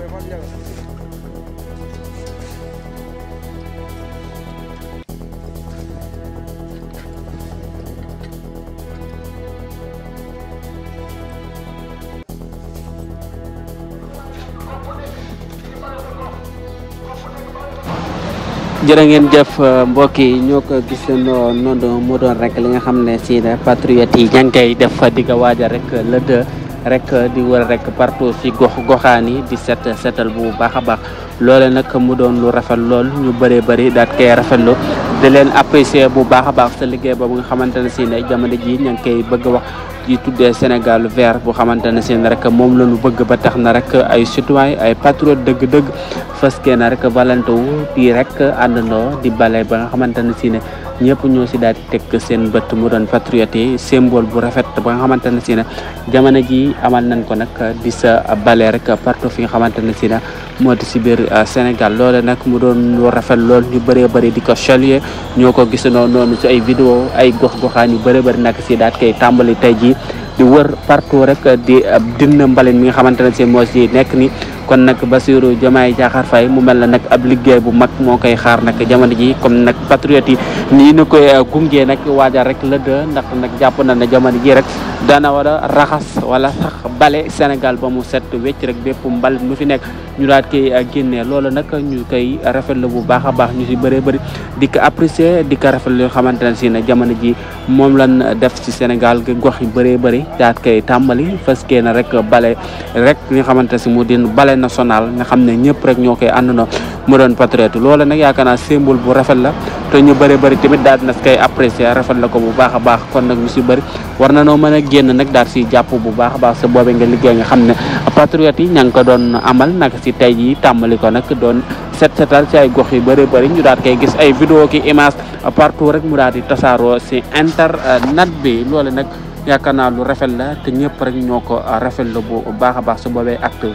jere ngeen jëf euh, mbokk yi ñoko ko gisandoo noonu mu doon rek li nga xam ne si patriote yi ña def di ko waajal rek le 2 rek di wër rek partout ci gox goxaan di set setal bu baakha baax loole nag mu doon lu rafet lool ñu bëree bëri daat koy rafetlu di leen apprécier bu baax a baax sa liggéey boobu nga xamante ne si ne jamono ji ña ngi koy bëgg wax ji tuddee Sénégal vert bu xamante ne si rek moom la ñu bëgg ba tax na rek ay citoyen ay patriote dëgg-dëgg fës kee na rek valante wu di rek àndandoo di bale ba nga xamante ne si ne ñëpp ñoo si daal di teg seen bët mu doon patriote yi symbole bu rafet ba nga xamante ne si ne jamono ji amal nañ ko nag di sa bale rek partout fi nga xamante ne si moo di si biir Euh, Sénégal loole nag mu doon rafet lool ñu bëree bëri di ko saluer ñoo ko gisandoo noonu ci ay vidéo ay gox-goxaan yu bare bëri nag si daat koy tàmbali tey jii di wër partout rek di euh, dindi mbalin mi nga xamante ne si moos yi nekk nii kon nak basiru jamaay jaxar fay mu mel nak ab liggey bu mak mo koy xaar nak jamono ji comme nak patriote ni ni koy euh, gungé nak rek le de ndax nak japp na na jamono ji rek dana wara raxas wala sax bale sénégal ba mu set wécc rek bépp mbal mu fi nek ñu daat kay euh, génné loolu nak ñu rafet rafetlu bu baaxa baax ñu ci bëree bëri dik apprécier di rafet rafetlu yoo ci na jamono ji mom lan def ci sénégal gi gox yi bëree bëri daat kay tambali fas na rek bale rek ñu nga mu din balé national nga xam ne ñëpp rek ñoo koy àndandoo mu doon patriote loola nag yaakaar naa symbole bu rafet la te ñu bëri a a a yu bëri bëri ñu daal koy gis ay vidéo ki image partout rek mu daal di tasaaroo si internet bi loole nag yaakaar naa lu rafet la te ñëpp rek ñoo rafet la bu baax a baax su boobee acte